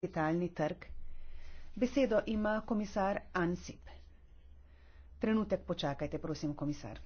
kapitalni trg. Besedo ima komisar Ansip. Trenutek počakajte, prosim, komisar.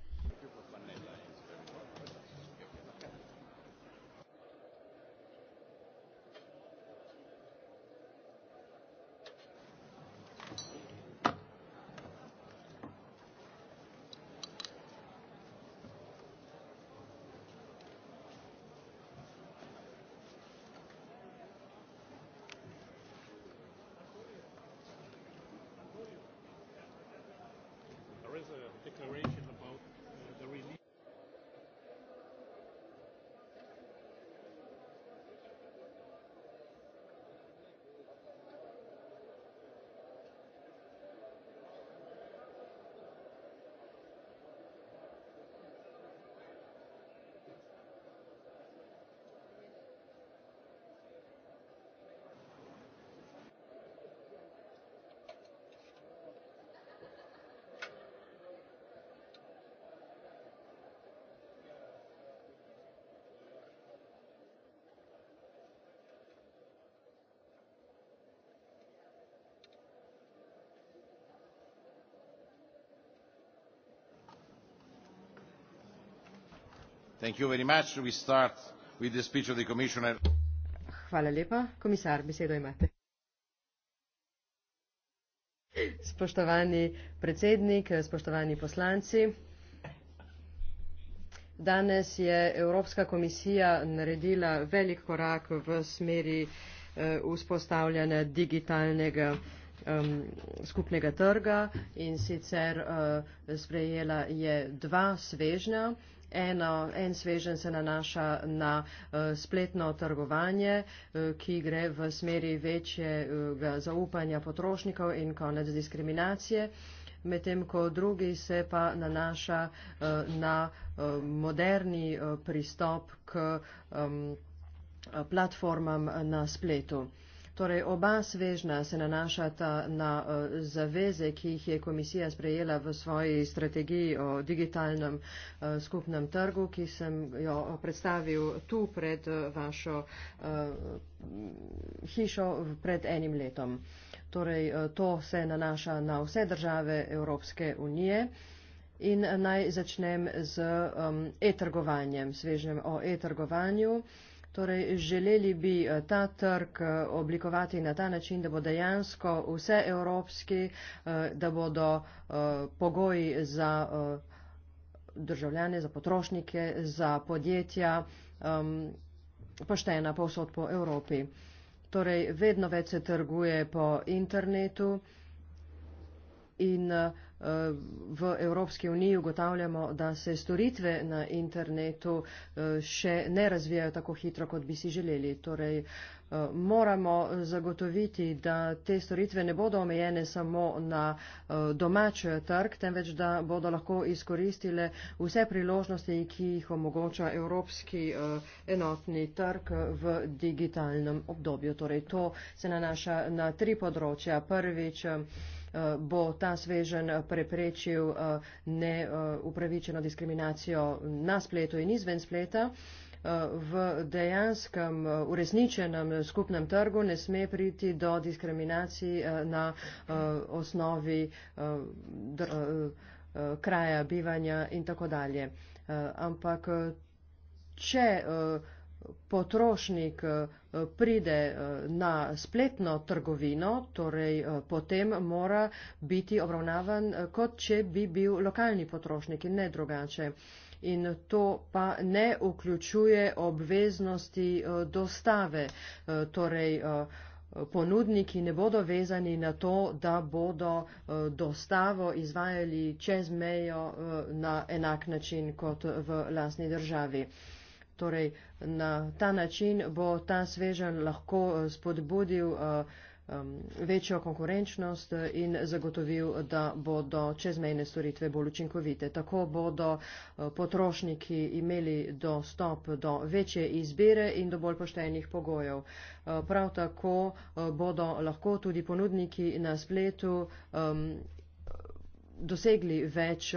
Hvala lepa. Komisar, besedo imate. Spoštovani predsednik, spoštovani poslanci. Danes je Evropska komisija naredila velik korak v smeri eh, vzpostavljanja digitalnega skupnega trga in sicer eh, sprejela je dva svežnja Eno, en svežen se nanaša na uh, spletno trgovanje, uh, ki gre v smeri večjega uh, zaupanja potrošnikov in konec diskriminacije, medtem ko drugi se pa nanaša uh, na uh, moderni uh, pristop k um, platformam na spletu. Torej, oba svežna se nanašata na uh, zaveze, ki jih je komisija sprejela v svoji strategiji o digitalnem uh, skupnem trgu, ki sem jo predstavil tu pred uh, vašo uh, hišo pred enim letom. Torej, uh, to se nanaša na vse države Evropske unije. In naj začnem z um, e-trgovanjem, svežnjem o e-trgovanju. Uh, Torej, želeli bi eh, ta trg eh, oblikovati na ta način, da bo dejansko vse evropski, eh, da bodo pogoji za državljane, za potrošnike, za podjetja poštena povsod po Evropi. Torej, vedno več se trguje po internetu in vedno v Evropski uniji ugotavljamo, da se storitve na internetu eh, še ne razvijajo tako hitro, kot bi si želeli. Torej, eh, moramo zagotoviti, da te storitve ne bodo omejene samo na eh, domač trg, temveč da bodo lahko izkoristile vse priložnosti, ki jih omogoča Evropski enotni trg v digitalnem obdobju. Torej, to se nanaša na tri področja. Prvič, Eh, bo ta svežen eh, preprečil eh, neupravičeno diskriminacijo na spletu in izven spleta. V dejanskem uresničenem skupnem trgu ne sme priti do diskriminacij na osnovi kraja bivanja in tako dalje. Ampak če potrošnik eh, pride eh, na spletno trgovino, torej eh, potem mora biti obravnavan, kot če bi bil lokalni potrošnik in ne drugače. In to pa ne vključuje obveznosti dostave, torej ponudniki ne bodo vezani na to, da bodo dostavo izvajali čez mejo na enak način kot v lasni državi. Torej, na ta način bo ta svežen lahko eh, spodbudil eh, večjo konkurenčnost eh, in zagotovil, da bodo čezmejne storitve bolj učinkovite. Tako bodo potrošniki imeli dostop do večje izbire in do bolj poštenih pogojev. Prav tako bodo lahko tudi ponudniki na spletu dosegli več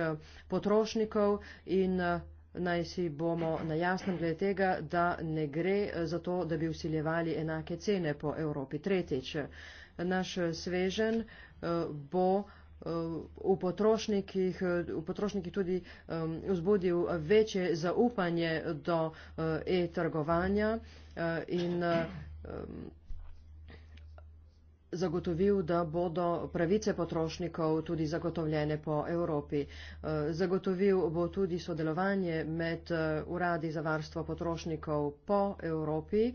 potrošnikov in naj si bomo na jasnem glede tega, da ne gre za to, da bi usiljevali enake cene po Evropi. Tretjič, naš svežen eh, bo eh, v potrošnikih, v potrošnikih tudi vzbudil večje zaupanje do eh, e-trgovanja in zagotovil, da bodo pravice potrošnikov tudi zagotovljene po Evropi. Eh, zagotovil bo tudi sodelovanje med eh, uradi za varstvo potrošnikov po Evropi.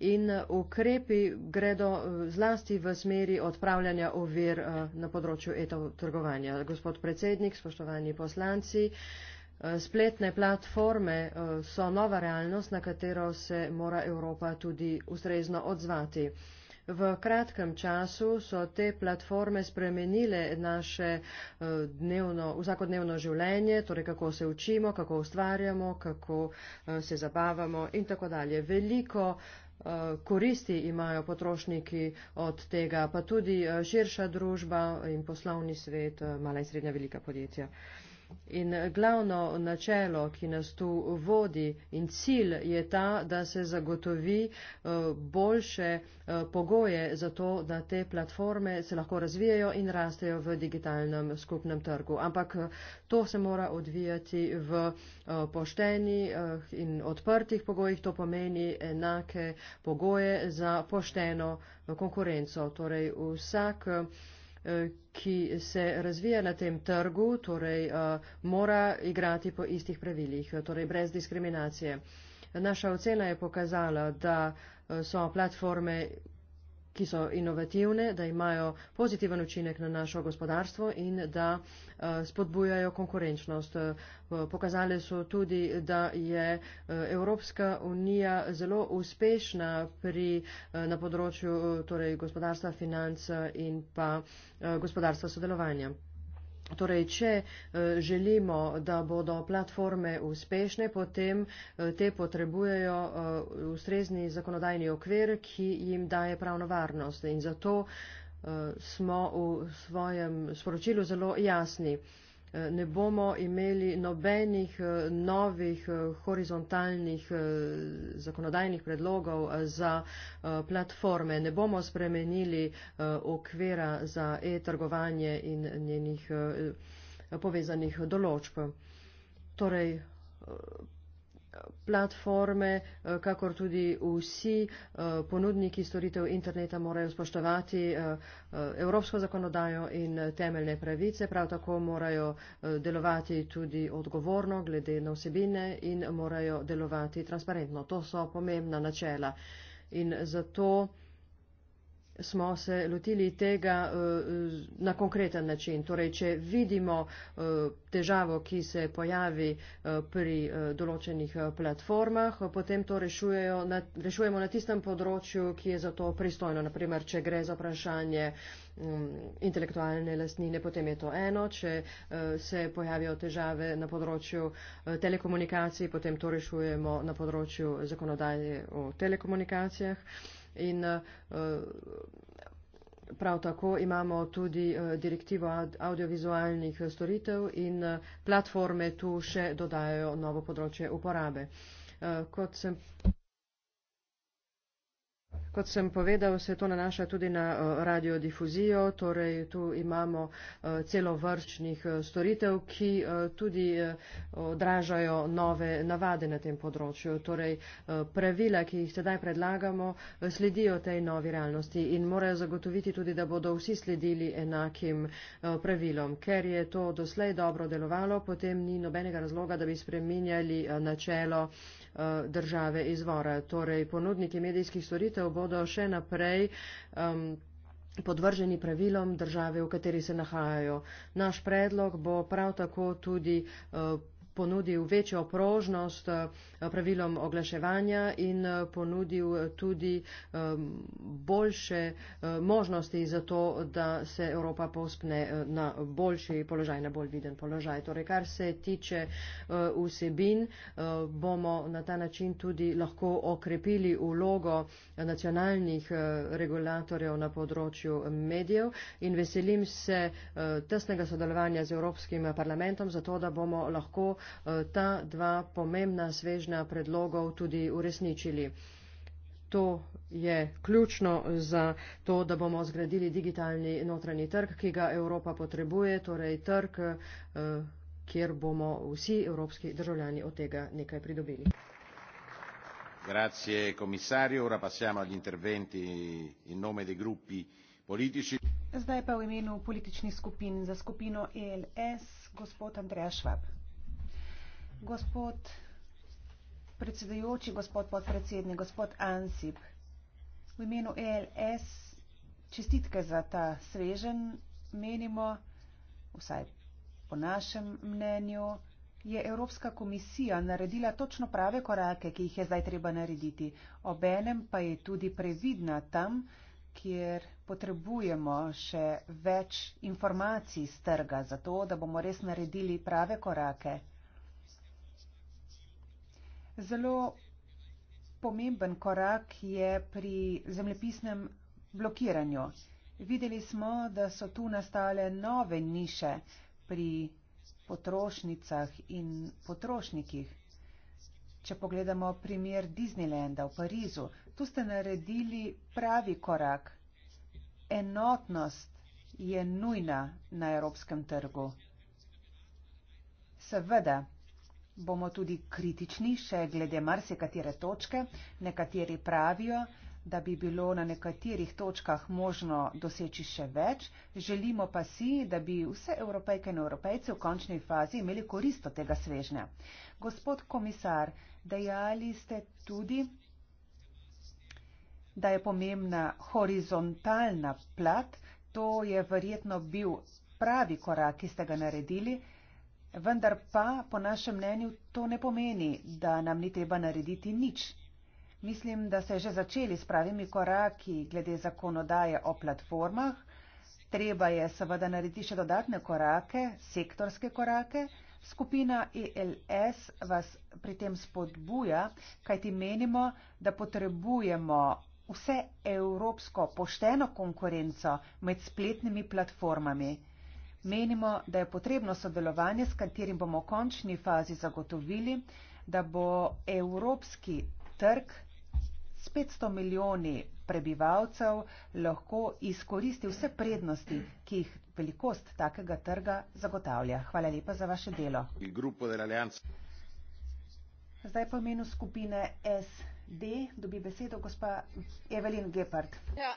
In ukrepi gredo eh, zlasti v smeri odpravljanja ovir na področju etotrgovanja. Gospod predsednik, spoštovani poslanci, spletne platforme so nova realnost, na katero se mora Evropa tudi ustrezno odzvati. V kratkem času so te platforme spremenile naše eh, dnevno, vsakodnevno življenje, torej kako se učimo, kako ustvarjamo, kako eh, se zabavamo in tako dalje. Veliko eh, koristi imajo potrošniki od tega, pa tudi širša družba in poslovni svet, mala in srednja velika podjetja. In eh, glavno načelo, ki nas tu vodi in cilj je ta, da se zagotovi eh, boljše eh, pogoje za to, da te platforme se lahko razvijajo in rastejo v digitalnem skupnem trgu. Ampak to se mora odvijati v pošteni in odprtih pogojih. To pomeni enake pogoje za pošteno konkurenco. Torej vsak ki se razvija na tem trgu, torej eh, mora igrati po istih pravilih, torej brez diskriminacije. Naša ocena je pokazala, da eh, so platforme ki so inovativne, da imajo pozitiven učinek na našo gospodarstvo in da eh, spodbujajo konkurenčnost. Pokazali so tudi, da je eh, Evropska unija zelo uspešna pri, eh, na področju torej, gospodarstva, financ in pa gospodarstva sodelovanja. Torej, če eh, želimo, da bodo platforme uspešne, potem eh, te potrebujejo eh, ustrezni zakonodajni okvir, ki jim daje pravno varnost. In zato smo v svojem sporočilu zelo jasni. Eh, ne bomo imeli nobenih eh, novih eh, horizontalnih zakonodajnih predlogov za platforme, ne bomo spremenili okvira za e-trgovanje in njenih povezanih določb. Torej, platforme, eh, kakor tudi vsi eh, ponudniki storitev interneta morajo spoštovati eh, evropsko zakonodajo in temeljne pravice, prav tako morajo delovati tudi odgovorno glede na vsebine in morajo delovati transparentno. To so pomembna načela. In zato smo se lotili tega eh, na konkreten način. Torej, če vidimo eh, težavo, ki se pojavi eh, pri določenih platformah, potem to rešujejo, rešujemo na tistem področju, ki je za to pristojno. Naprimer, če gre za vprašanje mm, intelektualne lastnine, potem je to eno. Če se pojavijo težave na področju telekomunikacij, potem to rešujemo na področju zakonodaje o telekomunikacijah in eh, prav tako imamo tudi eh, direktivo audiovizualnih eh, storitev in platforme tu še dodajajo novo področje uporabe. Kot sem Kot sem povedal, se to nanaša tudi na eh, radiodifuzijo, torej tu imamo eh, celo vrčnih eh, storitev, ki tudi odražajo nove navade na tem področju. Torej pravila, ki jih sedaj predlagamo, sledijo tej novi realnosti in morajo zagotoviti tudi, da bodo vsi sledili enakim pravilom. Ker je to doslej dobro delovalo, potem ni nobenega razloga, da bi spreminjali načelo Eh, države izvora. Torej, ponudniki medijskih storitev bodo še naprej um, podvrženi pravilom države, v kateri se nahajajo. Naš predlog bo prav tako tudi uh, ponudil večjo prožnost eh, pravilom oglaševanja in eh, ponudil tudi boljše eh, možnosti za to, da se Evropa pospne na boljši položaj, na bolj viden položaj. Torej, kar se tiče vsebin, bomo na ta način tudi lahko okrepili ulogo nacionalnih regulatorjev na področju medijev in veselim se tesnega sodelovanja z Evropskim parlamentom, zato da bomo lahko Eh, ta dva pomembna svežna predlogov tudi uresničili. To je ključno za to, da bomo zgradili digitalni notranji trg, ki ga Evropa potrebuje, torej trg, eh, kjer bomo vsi evropski državljani od tega nekaj pridobili. Grazie komisarju, ora passiamo agli interventi in nome dei gruppi politici. Zdaj pa v imenu političnih skupin za skupino ELS gospod Andreja Švab. Gospod predsedujoči, gospod podpredsednik, gospod Ansip, v imenu ELS čestitke za ta svežen menimo, vsaj po našem mnenju, je Evropska komisija naredila točno prave korake, ki jih je zdaj treba narediti. Obenem pa je tudi previdna tam, kjer potrebujemo še več informacij z trga, zato da bomo res naredili prave korake. Zelo pomemben korak je pri zemljepisnem blokiranju. Videli smo, da so tu nastale nove niše pri potrošnicah in potrošnikih. Če pogledamo primer Disneylanda v Parizu, tu ste naredili pravi korak. Enotnost je nujna na evropskem trgu. Seveda, bomo tudi kritični še glede marsikatere točke. Nekateri pravijo, da bi bilo na nekaterih točkah možno doseči še več. Želimo pa si, da bi vse evropejke in evropejce v končni fazi imeli koristo tega svežnja. Gospod komisar, dejali ste tudi, da je pomembna horizontalna plat. To je verjetno bil pravi korak, ki ste ga naredili. Vendar pa, po našem mnenju, to ne pomeni, da nam ni treba narediti nič. Mislim, da se je že začeli s pravimi koraki glede zakonodaje o platformah. Treba je seveda narediti še dodatne korake, sektorske korake. Skupina ELS vas pri tem spodbuja, kajti menimo, da potrebujemo vse evropsko pošteno konkurenco med spletnimi platformami. Menimo, da je potrebno sodelovanje, s katerim bomo v končni fazi zagotovili, da bo evropski trg s 500 milijoni prebivalcev lahko izkoristil vse prednosti, ki jih velikost takega trga zagotavlja. Hvala lepa za vaše delo. Zdaj po imenu skupine SD dobi besedo gospa Evelin Gepard. Ja,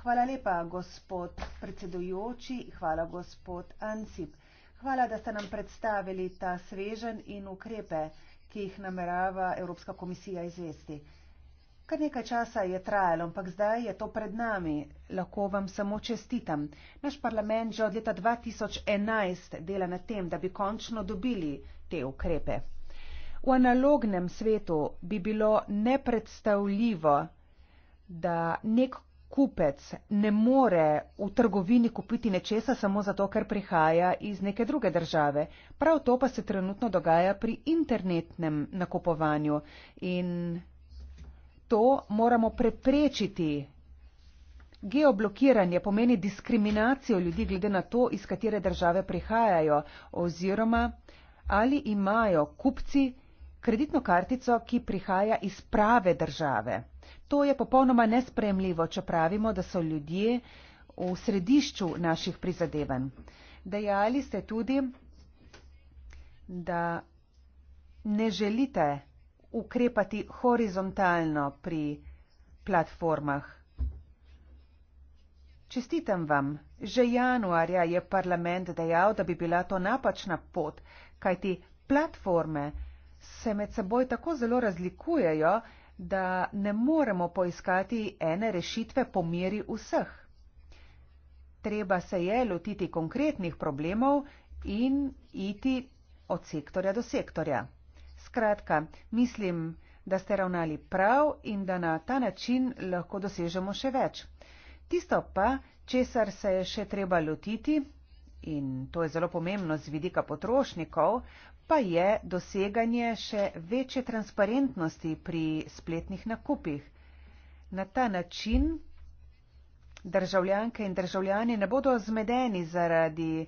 Hvala lepa, gospod predsedujoči, hvala gospod Ansip. Hvala, da ste nam predstavili ta svežen in ukrepe, ki jih namerava Evropska komisija izvesti. Kar nekaj časa je trajalo, ampak zdaj je to pred nami. Lahko vam samo čestitam. Naš parlament že od leta 2011 dela na tem, da bi končno dobili te ukrepe. V analognem svetu bi bilo nepredstavljivo, da nek kupec ne more v trgovini kupiti nečesa samo zato, ker prihaja iz neke druge države. Prav to pa se trenutno dogaja pri internetnem nakupovanju in to moramo preprečiti. Geoblokiranje pomeni diskriminacijo ljudi glede na to, iz katere države prihajajo oziroma ali imajo kupci kreditno kartico, ki prihaja iz prave države. To je popolnoma nespremljivo, če pravimo, da so ljudje v središču naših prizadevanj. Dejali ste tudi, da ne želite ukrepati horizontalno pri platformah. Čestitam vam, že januarja je parlament dejal, da bi bila to napačna pot, kajti platforme se med seboj tako zelo razlikujejo, da ne moremo poiskati ene rešitve po meri vseh. Treba se je lotiti konkretnih problemov in iti od sektorja do sektorja. Skratka, mislim, da ste ravnali prav in da na ta način lahko dosežemo še več. Tisto pa, česar se je še treba lotiti, in to je zelo pomembno z vidika potrošnikov, pa je doseganje še večje transparentnosti pri spletnih nakupih. Na ta način državljanke in državljani ne bodo zmedeni zaradi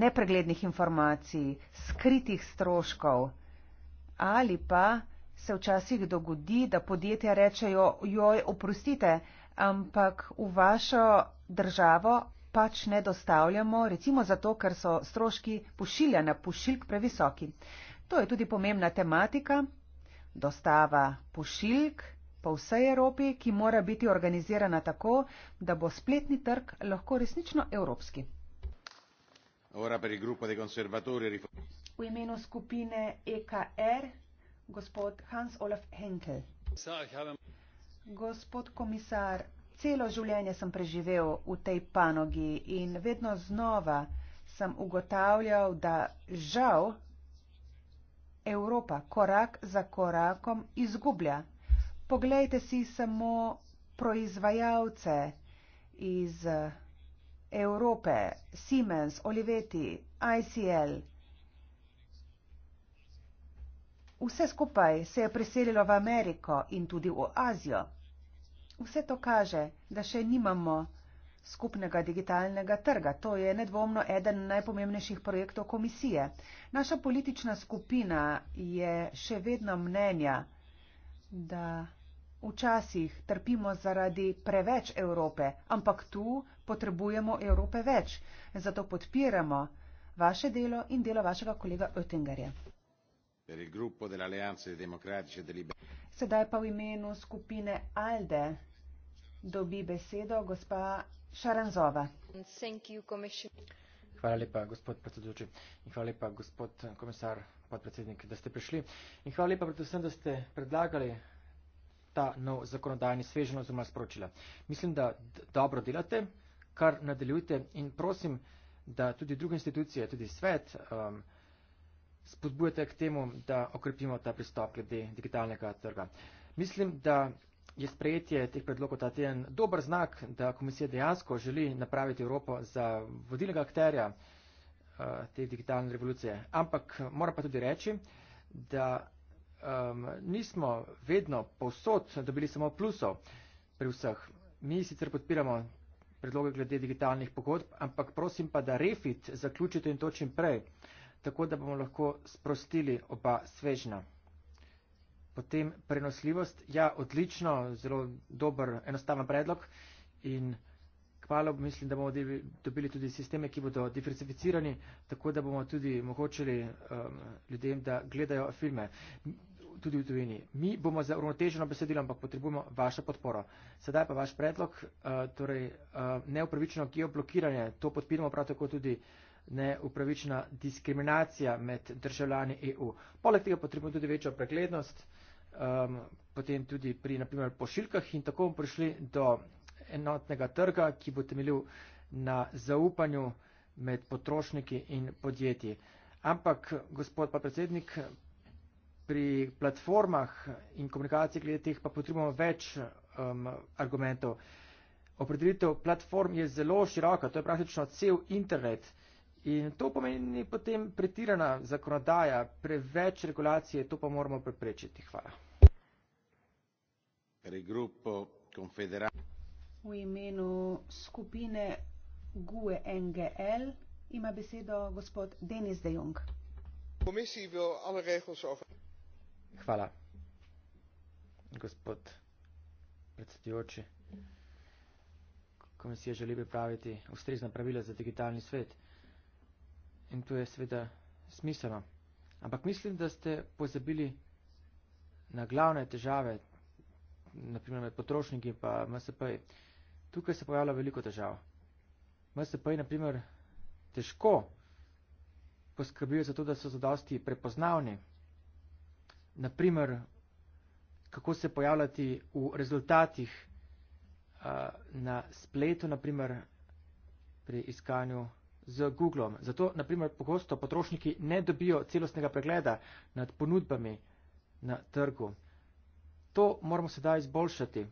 nepreglednih informacij, skritih stroškov ali pa se včasih dogodi, da podjetja rečejo, joj, oprostite, ampak v vašo državo pač ne dostavljamo, recimo zato, ker so stroški pošiljanja pošiljk previsoki. To je tudi pomembna tematika. Dostava pošiljk po vsej Evropi, ki mora biti organizirana tako, da bo spletni trg lahko resnično evropski. V imenu skupine EKR, er, gospod Hans Olaf Henkel. Ja, gospod komisar, Celo življenje sem preživel v tej panogi in vedno znova sem ugotavljal, da žal Evropa korak za korakom izgublja. Poglejte si samo proizvajalce iz Evrope, Siemens, Oliveti, ICL. Vse skupaj se je preselilo v Ameriko in tudi v Azijo. Vse to kaže, da še nimamo skupnega digitalnega trga. To je nedvomno eden najpomembnejših projektov komisije. Naša politična skupina je še vedno mnenja, da včasih trpimo zaradi preveč Evrope, ampak tu potrebujemo Evrope več. Zato podpiramo vaše delo in delo vašega kolega Oettingerja. E Sedaj pa v imenu skupine ALDE. Dobi besedo gospa Šaranzova. Hvala lepa, gospod predsedujoči. In hvala lepa, gospod komisar, podpredsednik, da ste prišli. In hvala lepa predvsem, da ste predlagali ta nov zakonodajni svežen oziroma sporočila. Mislim, da dobro delate, kar nadaljujte in prosim, da tudi druge institucije, tudi svet, um, spodbujate k temu, da okrepimo ta pristop glede digitalnega trga. Mislim, da je sprejetje teh predlogov ta teden dober znak, da komisija dejansko želi napraviti Evropo za vodilnega akterja eh, te digitalne revolucije. Ampak moram pa tudi reči, da um, nismo vedno povsod dobili samo plusov pri vseh. Mi sicer podpiramo predloge glede digitalnih pogodb, ampak prosim pa, da refit zaključite in to čim prej, tako da bomo lahko sprostili oba svežna. Potem prenosljivost, ja, odlično, zelo dober, enostaven predlog in kvalo mislim, da bomo dobili tudi sisteme, ki bodo diversificirani, tako da bomo tudi mogočili um, ljudem, da gledajo filme tudi v tujini. Mi bomo za uravnoteženo besedilo, ampak potrebujemo vašo podporo. Sedaj pa vaš predlog, uh, torej uh, neupravičeno geoblokiranje, to podpiramo prav tako tudi. Uh, neupravičena diskriminacija med državljani EU. Poleg tega potrebujemo tudi večjo preglednost, um, potem tudi pri naprimer pošiljkah in tako bomo prišli do enotnega trga, ki bo temeljil na zaupanju med potrošniki in podjetji. Ampak, gospod podpredsednik, pri platformah in komunikaciji glede teh pa potrebujemo več um, argumentov. Opredelitev platform je zelo široka, to je praktično cel internet. In to pomeni potem pretirana zakonodaja, preveč regulacije, to pa moramo preprečiti. Hvala. V imenu skupine GUE NGL ima besedo gospod Denis De Jong. Hvala, gospod predsedujoči. Komisija želi pripraviti ustrezna pravila za digitalni svet in to je seveda smiselno. Ampak mislim, da ste pozabili na glavne težave, naprimer med potrošniki pa MSP-ji. Tukaj se pojavlja veliko težav. MSP-ji, naprimer, težko poskrbijo za to, da so zadosti prepoznavni. Naprimer, kako se pojavljati v rezultatih uh, na spletu, naprimer pri iskanju z Googlom. Zato, naprimer, pogosto potrošniki ne dobijo celostnega pregleda nad ponudbami na trgu. To moramo sedaj izboljšati.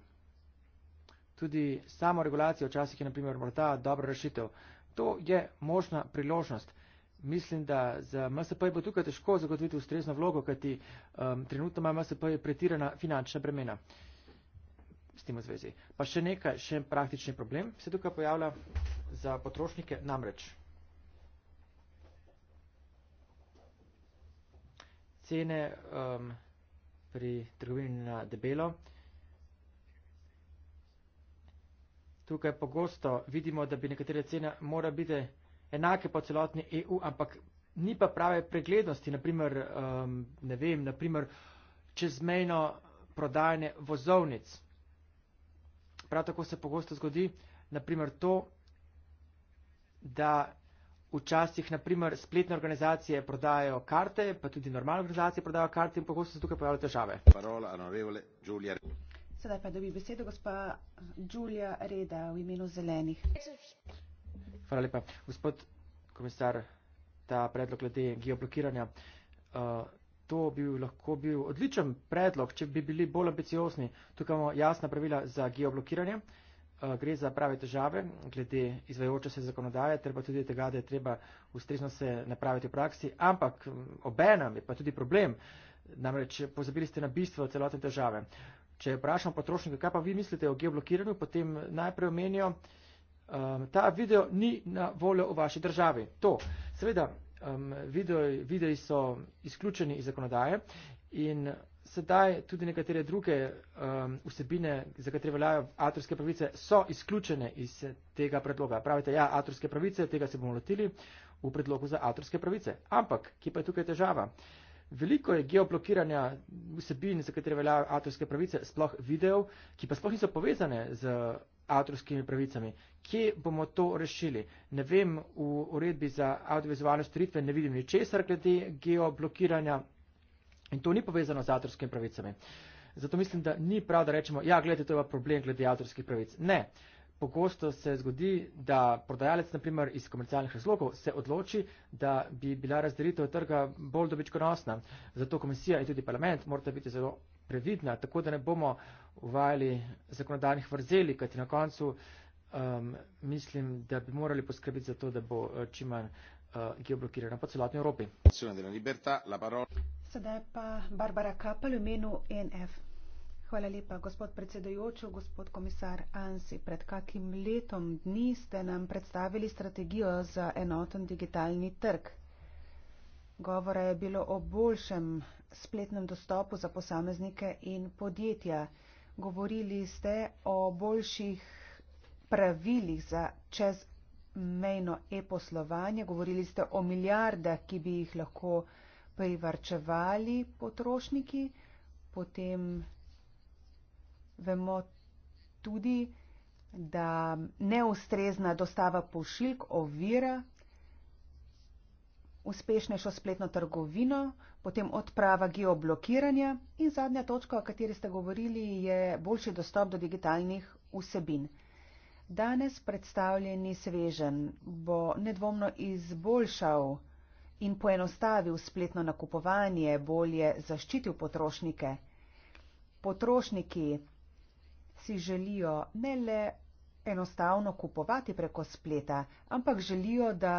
Tudi samo regulacijo včasih je, naprimer, morda dobra rešitev. To je možna priložnost. Mislim, da za MSP bo tukaj težko zagotoviti ustrezno vlogo, kajti um, trenutno ima MSP pretirana finančna bremena s tem v zvezi. Pa še nekaj, še en praktični problem se tukaj pojavlja za potrošnike namreč. cene um, pri trgovini na debelo. Tukaj pogosto vidimo, da bi nekatere cene morale biti enake po celotni EU, ampak ni pa prave preglednosti, naprimer, um, ne vem, naprimer čezmejno prodajanje vozovnic. Prav tako se pogosto zgodi, naprimer to, da Včasih, naprimer, spletne organizacije prodajajo karte, pa tudi normalne organizacije prodajajo karte in pogosto se tukaj pojavljajo težave. Parola, anorevole, Giulia. Sedaj pa dobi besedo gospa Giulia Reda v imenu zelenih. Hvala lepa. Gospod komisar, ta predlog glede geoblokiranja, uh, to bi lahko bil odličen predlog, če bi bili bolj ambiciozni. Tukaj imamo jasna pravila za geoblokiranje. Uh, Eh, gre za prave težave glede izvajajoče se zakonodaje, treba tudi tega, da je treba ustrezno se napraviti v praksi, ampak obenem je pa tudi problem, namreč pozabili ste na bistvo celotne težave. Če vprašamo potrošnika, kaj pa vi mislite o geoblokiranju, potem najprej omenijo, um, ta video ni na voljo v vaši državi. To, seveda, um, videoji so izključeni iz zakonodaje in sedaj tudi nekatere druge um, vsebine, za katere veljajo avtorske pravice, so izključene iz tega predloga. Pravite, ja, avtorske pravice, tega se bomo lotili v predlogu za avtorske pravice. Ampak, ki pa je tukaj težava? Veliko je geoblokiranja vsebin, za katere veljajo avtorske pravice, sploh videov, ki pa sploh niso povezane z avtorskimi pravicami. Kje bomo to rešili? Ne vem, v uredbi za audiovizualne storitve ne vidim ničesar glede geoblokiranja In to ni povezano z avtorskimi pravicami. Zato mislim, da ni prav, da rečemo, ja, gledajte, to je problem glede avtorskih pravic. Ne. Pogosto se zgodi, da prodajalec, naprimer iz komercialnih razlogov, se odloči, da bi bila razdelitev trga bolj dobičkonosna. Zato komisija in tudi parlament morata biti zelo previdna, tako da ne bomo uvajali zakonodajnih vrzeli, kajti na koncu um, mislim, da bi morali poskrbeti za to, da bo eh, čim manj uh, geoblokirana po celotni Evropi. Sedaj pa Barbara Kapel v imenu NF. Hvala lepa, gospod predsedojoči, gospod komisar Ansi. Pred kakim letom dni ste nam predstavili strategijo za enoten digitalni trg? Govora je bilo o boljšem spletnem dostopu za posameznike in podjetja. Govorili ste o boljših pravilih za čezmejno e-poslovanje, govorili ste o milijardah, ki bi jih lahko privrčevali potrošniki, potem vemo tudi, da neustrezna dostava pošiljk ovira uspešnejšo spletno trgovino, potem odprava geoblokiranja in zadnja točka, o kateri ste govorili, je boljši dostop do digitalnih vsebin. Danes predstavljeni svežen bo nedvomno izboljšal in poenostavil spletno nakupovanje, bolje zaščitil potrošnike. Potrošniki si želijo ne le enostavno kupovati preko spleta, ampak želijo, da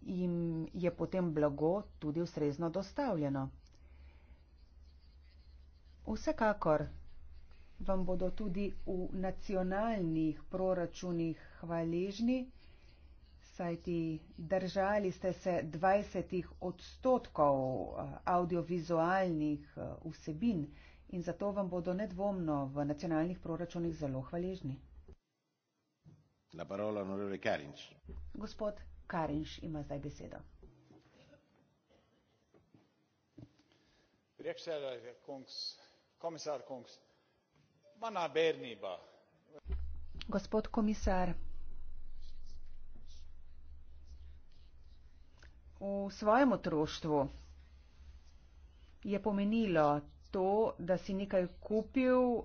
jim je potem blago tudi ustrezno dostavljeno. Vsekakor vam bodo tudi v nacionalnih proračunih hvaležni, saj ti držali ste se 20 odstotkov eh, audiovizualnih eh, vsebin in zato vam bodo nedvomno v nacionalnih proračunih zelo hvaležni. La parola onorevole Karinč. Gospod Karinč ima zdaj besedo. Gospod komisar, svojem otroštvu je pomenilo to, da si nekaj kupil,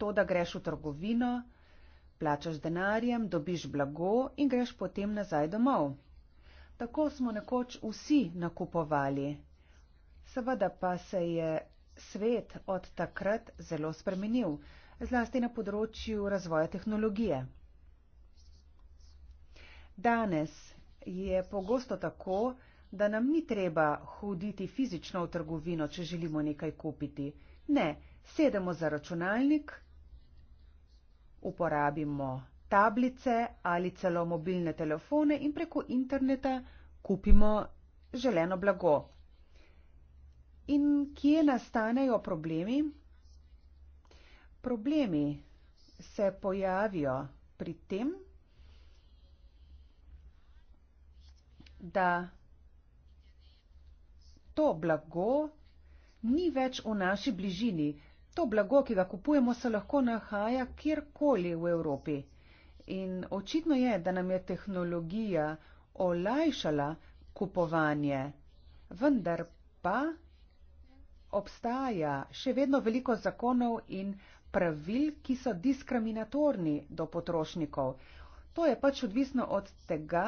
to, da greš v trgovino, plačaš denarjem, dobiš blago in greš potem nazaj domov. Tako smo nekoč vsi nakupovali. Seveda pa se je svet od takrat zelo spremenil, zlasti na področju razvoja tehnologije. Danes je pogosto tako, da nam ni treba hoditi fizično v trgovino, če želimo nekaj kupiti. Ne, sedemo za računalnik, uporabimo tablice ali celo mobilne telefone in preko interneta kupimo želeno blago. In kje nastanejo problemi? Problemi se pojavijo pri tem, da to blago ni več v naši bližini. To blago, ki ga kupujemo, se lahko nahaja kjerkoli v Evropi. In očitno je, da nam je tehnologija olajšala kupovanje, vendar pa obstaja še vedno veliko zakonov in pravil, ki so diskriminatorni do potrošnikov. To je pač odvisno od tega,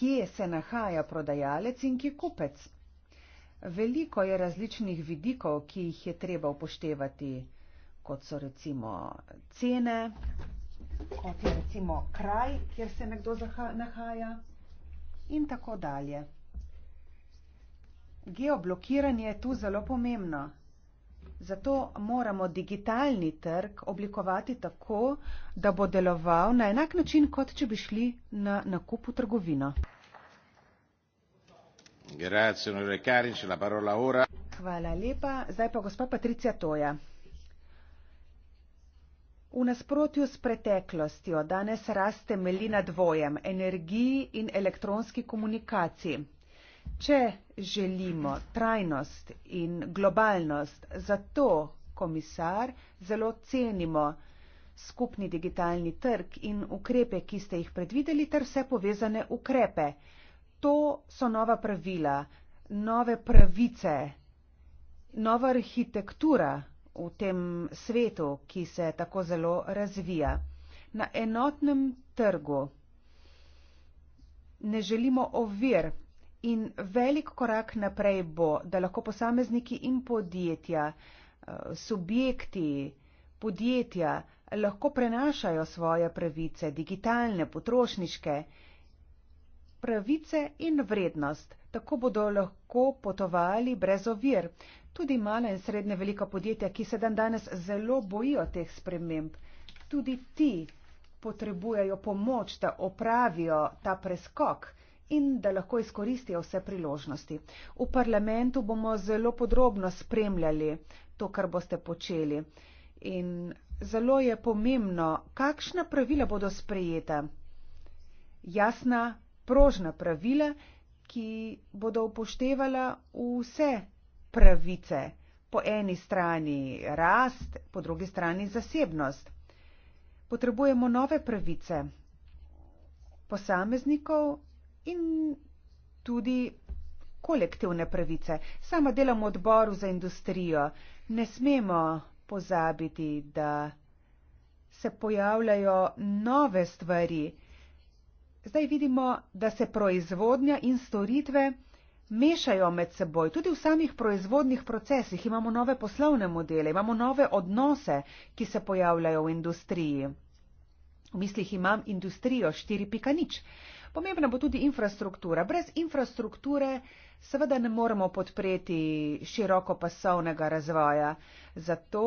kje se nahaja prodajalec in kje kupec. Veliko je različnih vidikov, ki jih je treba upoštevati, kot so recimo cene, kot je recimo kraj, kjer se nekdo nahaja in tako dalje. Geoblokiranje je tu zelo pomembno. Zato moramo digitalni trg oblikovati tako, da bo deloval na enak način, kot če bi šli na nakup v trgovino. Hvala lepa. Zdaj pa gospa Patricija Toja. V nasprotju s preteklostjo danes rast temelji na dvojem energiji in elektronski komunikaciji. Če želimo trajnost in globalnost, zato, komisar, zelo cenimo skupni digitalni trg in ukrepe, ki ste jih predvideli, ter vse povezane ukrepe to so nova pravila, nove pravice, nova arhitektura v tem svetu, ki se tako zelo razvija. Na enotnem trgu ne želimo ovir in velik korak naprej bo, da lahko posamezniki in podjetja, eh, subjekti, podjetja lahko prenašajo svoje pravice, digitalne, potrošniške, pravice in vrednost. Tako bodo lahko potovali brez ovir. Tudi mala in srednje velika podjetja, ki se dan danes zelo bojijo teh sprememb, tudi ti potrebujejo pomoč, da opravijo ta preskok in da lahko izkoristijo vse priložnosti. V parlamentu bomo zelo podrobno spremljali to, kar boste počeli. In zelo je pomembno, kakšna pravila bodo sprejeta. Jasna prožna pravila, ki bodo upoštevala vse pravice, po eni strani rast, po drugi strani zasebnost. Potrebujemo nove pravice posameznikov in tudi kolektivne pravice. Sama delam v odboru za industrijo. Ne smemo pozabiti, da se pojavljajo nove stvari zdaj vidimo, da se proizvodnja in storitve mešajo med seboj. Tudi v samih proizvodnih procesih imamo nove poslovne modele, imamo nove odnose, ki se pojavljajo v industriji. V mislih imam industrijo 4.0. Pomembna bo tudi infrastruktura. Brez infrastrukture seveda ne moremo podpreti širokopasovnega razvoja. Zato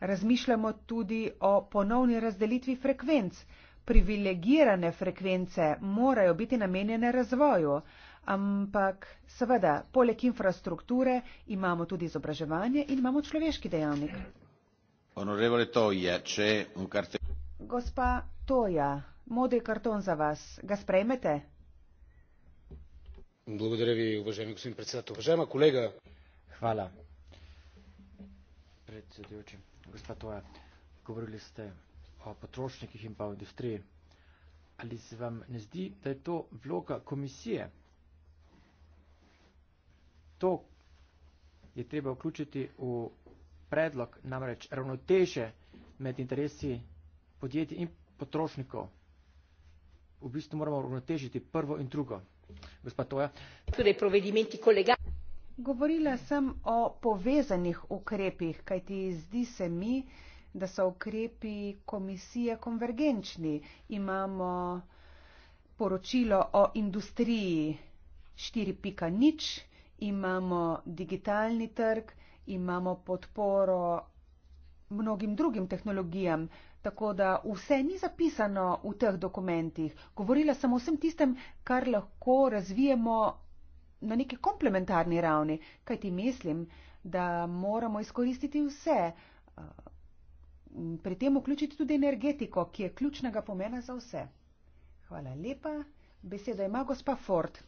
razmišljamo tudi o ponovni razdelitvi frekvenc privilegirane frekvence morajo biti namenjene razvoju, ampak seveda, poleg infrastrukture imamo tudi izobraževanje in imamo človeški dejavnik. Gospa Toja, modri karton za vas, ga sprejmete? Vi, Vžema, kolega. Hvala. Gospa Toja, govorili ste o potrošnikih in pa o industriji. Ali se vam ne zdi, da je to vloga komisije? To je treba vključiti v predlog namreč ravnoteže med interesi podjetij in potrošnikov. V bistvu moramo ravnotežiti prvo in drugo. Gospa Toja. Tudi provedimenti kolega. Govorila sem o povezanih ukrepih, kajti zdi se mi, da so ukrepi komisije konvergenčni. Imamo poročilo o industriji 4.0, imamo digitalni trg, imamo podporo mnogim drugim tehnologijam. Tako da vse ni zapisano v teh dokumentih. Govorila sem o vsem tistem, kar lahko razvijemo na neki komplementarni ravni, kajti mislim, da moramo izkoristiti vse pri tem vključiti tudi energetiko, ki je ključnega pomena za vse. Hvala lepa. Besedo ima gospa Ford.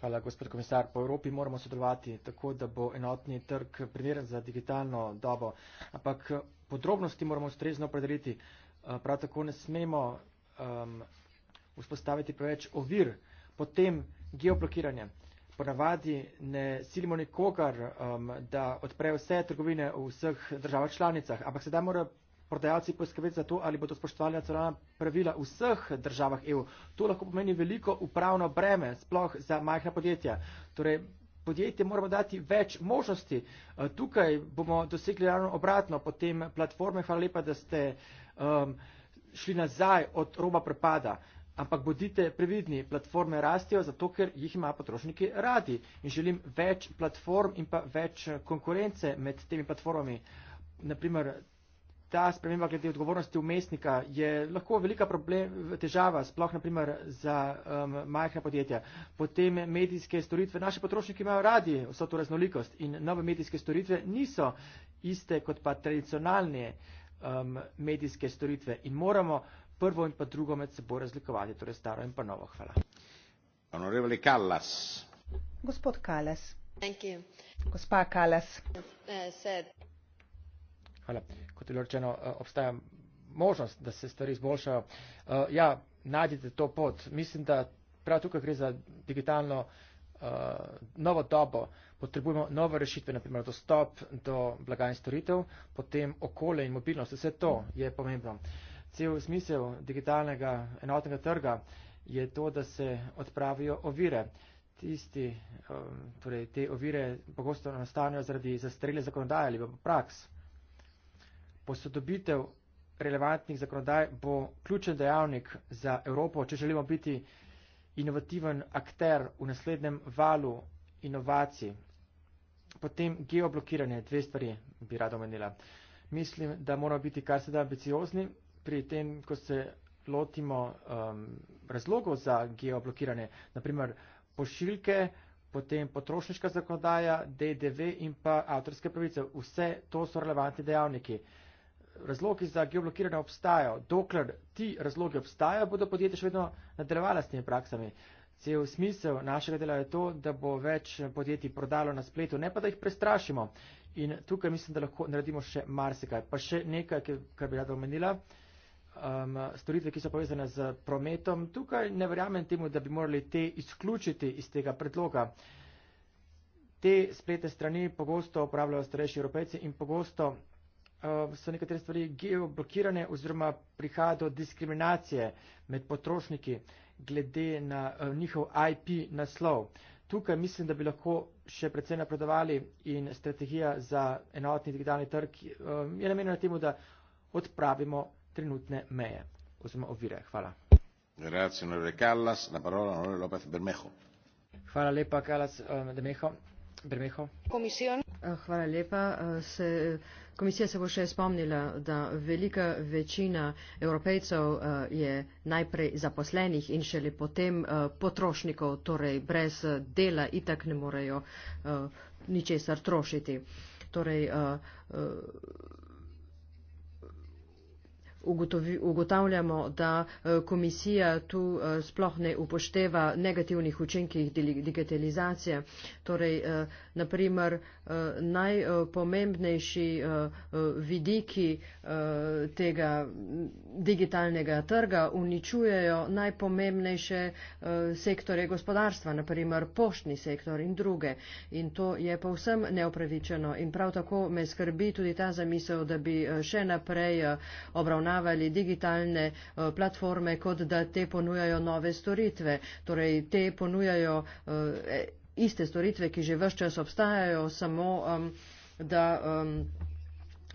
Hvala, gospod komisar. Po Evropi moramo sodelovati tako, da bo enotni trg primeren za digitalno dobo. Ampak podrobnosti moramo ustrezno predeliti. Eh, prav tako ne smemo um, vzpostaviti preveč ovir, potem geoblokiranje ponavadi ne silimo nikogar, um, da odpre vse trgovine v vseh državah članicah, ampak sedaj mora prodajalci poskrbeti za to, ali bodo spoštovali nacionalna pravila v vseh državah EU. To lahko pomeni veliko upravno breme, sploh za majhna podjetja. Torej, podjetje moramo dati več možnosti. Uh, tukaj bomo dosegli ravno obratno, potem platforme, hvala lepa, da ste um, šli nazaj od roba prepada. Uh, Ampak bodite previdni, platforme rastijo zato, ker jih ima potrošniki radi in želim več platform in pa več eh, konkurence med temi platformami. Naprimer, ta sprememba glede odgovornosti umestnika je lahko velika problem, težava, sploh naprimer za um, majhna podjetja. Potem medijske storitve, naši potrošniki imajo radi vso to raznolikost in nove medijske storitve niso iste kot pa tradicionalne um, medijske storitve in moramo prvo in pa drugo med seboj razlikovati, torej staro in pa novo. Hvala. Honorevoli Kallas. Gospod Kallas. Gospa Kallas. Eh, Hvala. Kot je bilo rečeno, eh, obstaja možnost, da se stvari izboljšajo. Eh, ja, najdite to pot. Mislim, da prav tukaj gre za digitalno novo dobo. Potrebujemo nove rešitve, naprimer dostop do blaga in storitev, potem okolje in mobilnost. Vse to je pomembno cel smisel digitalnega enotnega trga je to, da se odpravijo ovire. Tisti, um, torej te ovire pogosto nastanejo zaradi zastrele zakonodaje ali pa praks. Posodobitev relevantnih zakonodaj bo ključen dejavnik za Evropo, če želimo biti inovativen akter v naslednjem valu inovacij. Potem geoblokiranje, dve stvari bi rada omenila. Mislim, da moramo biti kar se da ambiciozni pri tem, ko se lotimo um, razlogov za geoblokiranje, naprimer pošiljke, potem potrošniška zakonodaja, DDV in pa avtorske pravice. Vse to so relevantni dejavniki. Razlogi za geoblokiranje obstajajo. Dokler ti razlogi obstajajo, bodo podjetja še vedno nadaljevala s temi praksami. Cel smisel našega dela je to, da bo več podjetij prodalo na spletu, ne pa da jih prestrašimo. In tukaj mislim, da lahko naredimo še marsikaj. Pa še nekaj, kar bi rada omenila. Uh, um, storitve, ki so povezane z prometom. Tukaj ne verjamem temu, da bi morali te izključiti iz tega predloga. Te spletne strani pogosto uporabljajo starejši evropejci in pogosto uh, so nekatere stvari geoblokirane oziroma prihaja do diskriminacije med potrošniki glede na uh, njihov IP naslov. Tukaj mislim, da bi lahko še predvsej napredovali in strategija za enotni digitalni trg uh, je namenjena temu, da odpravimo trenutne meje oziroma ovire. Hvala. Hvala lepa, Kalas eh, Bremeho. Eh, hvala lepa. Eh, se, komisija se bo še spomnila, da velika večina evropejcev je najprej zaposlenih in šele potem potrošnikov, torej brez dela itak ne morejo ničesar trošiti. Torej, uh, uh, ugotavljamo, da eh, komisija tu eh, sploh ne upošteva negativnih učinkih digitalizacije. Torej, eh, naprimer, najpomembnejši vidiki tega digitalnega trga uničujejo najpomembnejše sektore gospodarstva, naprimer poštni sektor in druge. In to je povsem neopravičeno. In prav tako me skrbi tudi ta zamisel, da bi še naprej obravnavali obravnavali digitalne eh, platforme, kot da te ponujajo nove storitve. Torej, te ponujajo eh, e, iste storitve, ki že vse čas obstajajo, samo da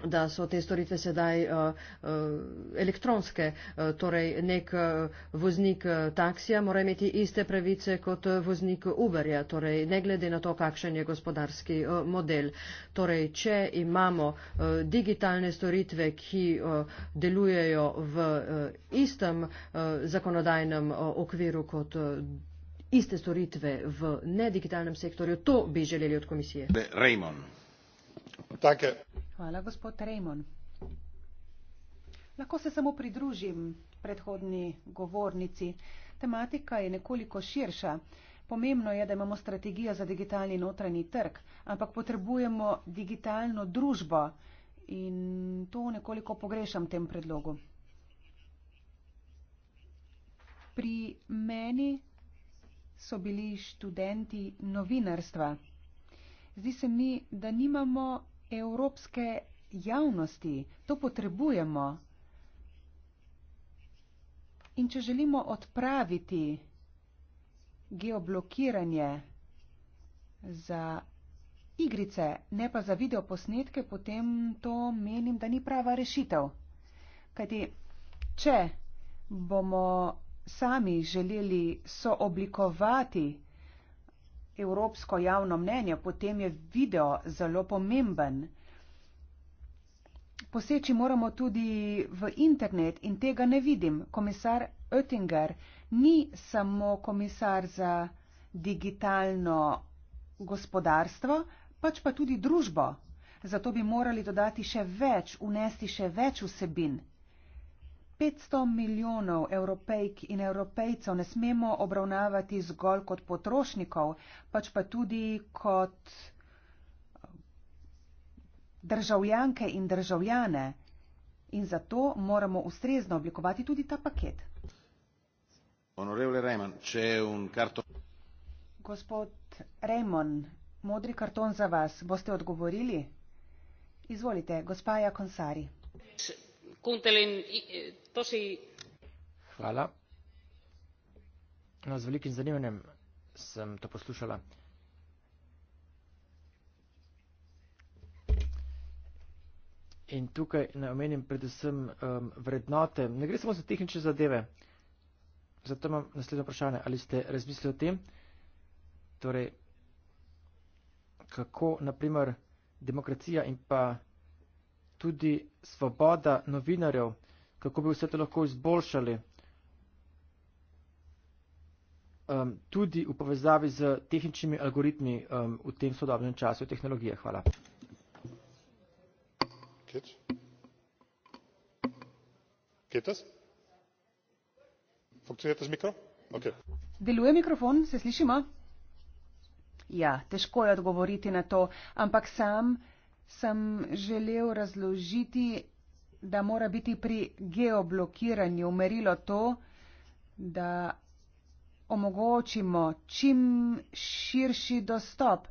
da so te storitve sedaj uh, uh, elektronske. Uh, torej, nek uh, voznik uh, taksija mora imeti iste pravice kot uh, voznik Uberja, torej, ne glede na to, kakšen je gospodarski uh, model. Torej, če imamo uh, digitalne storitve, ki uh, delujejo v uh, istem uh, zakonodajnem uh, okviru kot. Uh, iste storitve v nedigitalnem sektorju, to bi želeli od komisije. Raymond. Danke. Hvala, gospod Rejmon. Lahko se samo pridružim predhodni govornici. Tematika je nekoliko širša. Pomembno je, da imamo strategijo za digitalni notranji trg, ampak potrebujemo digitalno družbo in to nekoliko pogrešam tem predlogu. Pri meni so bili študenti novinarstva. Zdi se mi, da nimamo evropske javnosti. To potrebujemo. In če želimo odpraviti geoblokiranje za igrice, ne pa za videoposnetke, potem to menim, da ni prava rešitev. Kajti, če bomo sami želeli sooblikovati evropsko javno mnenje, potem je video zelo pomemben. Poseči moramo tudi v internet in tega ne vidim. Komisar Oettinger ni samo komisar za digitalno gospodarstvo, pač pa tudi družbo. Zato bi morali dodati še več, unesti še več vsebin. 500 milijonov evropejk in evropejcev ne smemo obravnavati zgolj kot potrošnikov, pač pa tudi kot eh, državljanke in državljane. In zato moramo ustrezno oblikovati tudi ta paket. Rejman, Gospod Rejmon, modri karton za vas. Boste odgovorili? Izvolite, gospa Jakonsari tosi. hvala. no z velikim zanimanjem sem to poslušala. in tukaj ne omenim predvsem um, vrednote, ne gre samo za tehnične zadeve. zato imam naslednje vprašanje, ali ste razmislili o tem, torej kako na primer demokracija in pa tudi svoboda novinarjev kako bi vse to lahko izboljšali. Um, tudi v povezavi z tehničnimi algoritmi um, v tem sodobnem času tehnologije. Hvala. Kječ? Kječas? Funkcionirate z mikro? Okay. Deluje mikrofon, se slišimo? Ja, težko je odgovoriti na to, ampak sam sem želel razložiti da mora biti pri geoblokiranju merilo to, da omogočimo čim širši dostop,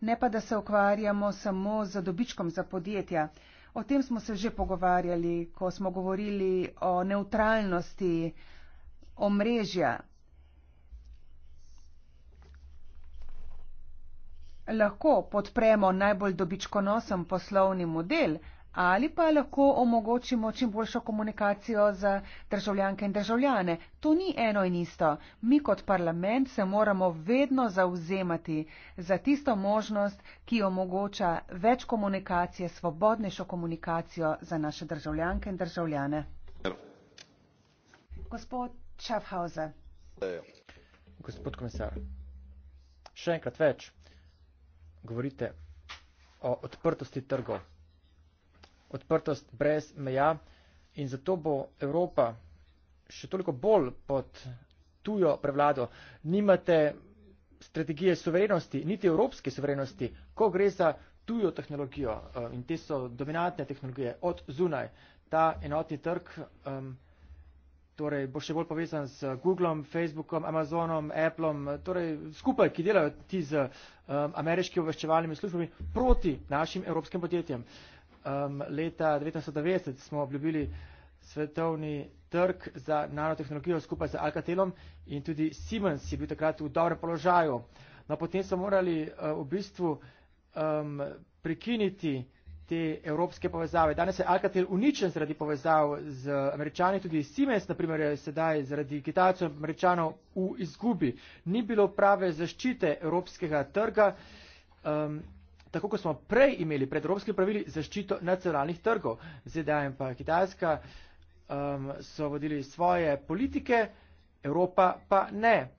ne pa da se ukvarjamo samo z dobičkom za podjetja. O tem smo se že pogovarjali, ko smo govorili o neutralnosti omrežja. Lahko podpremo najbolj dobičkonosen poslovni model, ali pa lahko omogočimo čim boljšo komunikacijo za državljanke in državljane. To ni eno in isto. Mi kot parlament se moramo vedno zauzemati za tisto možnost, ki omogoča več komunikacije, svobodnejšo komunikacijo za naše državljanke in državljane. Gospod Schaffhauser. Gospod komisar, še enkrat več. Govorite o odprtosti trgov odprtost brez meja in zato bo Evropa še toliko bolj pod tujo prevlado. Nimate strategije suverenosti, niti evropske suverenosti, ko gre za tujo tehnologijo eh, in te so dominantne tehnologije od zunaj. Ta enotni trg um, torej bo še bolj povezan z Googlom, Facebookom, Amazonom, Appleom, torej skupaj, ki delajo ti z um, ameriškimi obveščevalnimi službami proti našim evropskim podjetjem. Uh, um, leta 1990 smo obljubili svetovni trg za nanotehnologijo skupaj z Alcatelom in tudi Siemens je bil takrat v dobrem položaju. No, potem so morali uh, v bistvu um, prekiniti te evropske povezave. Danes je Alcatel uničen zaradi povezav z američani, tudi Siemens, naprimer, je sedaj zaradi kitajcev američanov v izgubi. Ni bilo prave zaščite evropskega trga. Um, tako kot smo prej imeli pred evropskimi pravili zaščito nacionalnih trgov. ZDA in pa Kitajska um, so vodili svoje politike, Evropa pa ne.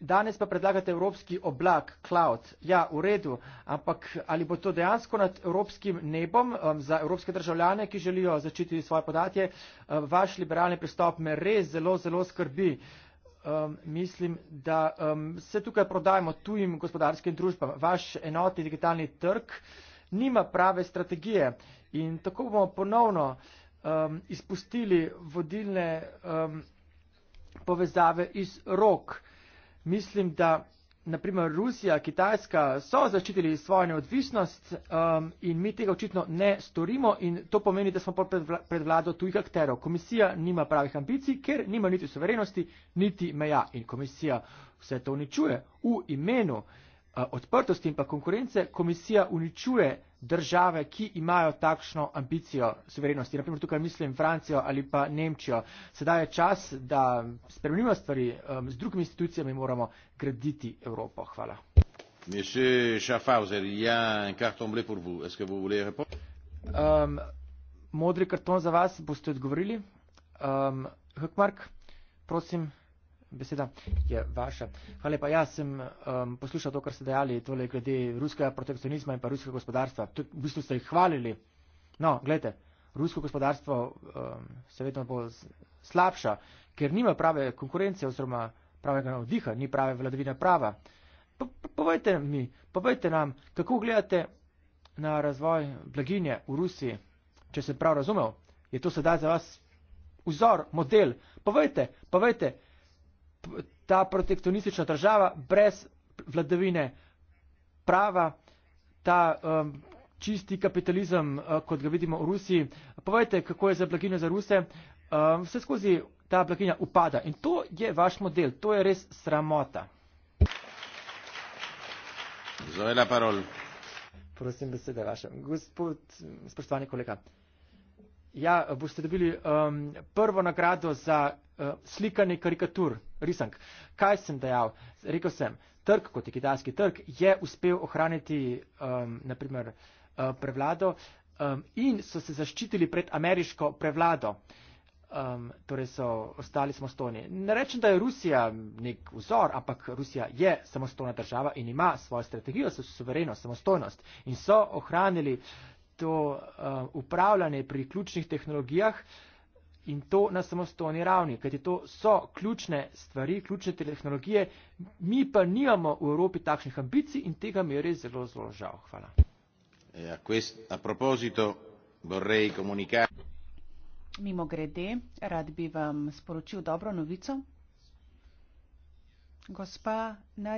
Danes pa predlagate evropski oblak, cloud. Ja, v redu, ampak ali bo to dejansko nad evropskim nebom um, za evropske državljane, ki želijo zaščititi svoje podatje, uh, um, vaš liberalni pristop me res zelo, zelo skrbi. Uh, um, mislim, da um, se tukaj prodajemo tujim gospodarskim družbam. Vaš enotni digitalni trg nima prave strategije in tako bomo ponovno um, izpustili vodilne um, povezave iz rok. Mislim, da naprimer Rusija, Kitajska so zaščitili svojo neodvisnost um, in mi tega očitno ne storimo in to pomeni, da smo pred vlado tujih akterov. Komisija nima pravih ambicij, ker nima niti suverenosti, niti meja in komisija vse to uničuje. V imenu uh, odprtosti in pa konkurence komisija uničuje države, ki imajo takšno ambicijo suverenosti. Naprimer, tukaj mislim Francijo ali pa Nemčijo. Sedaj je čas, da spremenimo stvari, um, z drugimi institucijami moramo graditi Evropo. Hvala. Um, modri karton za vas, boste odgovorili. Um, Hkmark, prosim beseda je vaša. Hvala lepa. Jaz sem um, poslušal to, kar ste dejali, tole glede ruskega protekcionizma in pa ruskega gospodarstva. To, v bistvu ste jih hvalili. No, gledajte, rusko gospodarstvo um, se vedno bo slabša, ker nima prave konkurence oziroma pravega navdiha, ni prave vladavine prava. Povejte mi, povejte nam, kako gledate na razvoj blaginje v Rusiji, če sem prav razumel, je to sedaj za vas vzor, model. Povejte, povejte ta protektonistična država brez vladavine prava, ta um, čisti kapitalizem, uh, kot ga vidimo v Rusiji. Povejte, kako je za blaginjo za Ruse. Um, vse skozi ta blaginja upada in to je vaš model. To je res sramota. Zavela parol. Prosim, beseda vaša. Gospod, spoštovani kolega. Ja, boste dobili um, prvo nagrado za uh, slikanje karikatur, risank. Kaj sem dejal? Rekl sem, trg kot je kitajski trg je uspel ohraniti um, naprimer uh, prevlado um, in so se zaščitili pred ameriško prevlado. Um, torej so ostali samostojni. Ne rečem, da je Rusija nek vzor, ampak Rusija je samostojna država in ima svojo strategijo, svojo suverenost, samostojnost in so ohranili to uh, upravljanje pri ključnih tehnologijah in to na samostojni ravni, kajti to so ključne stvari, ključne tehnologije, mi pa nimamo v Evropi takšnih ambicij in tega mi je res zelo zelo žal. Hvala. E, a, quest, a proposito vorrei comunicare. Mimo grede, rad bi vam sporočil dobro novico. Gospa Nari.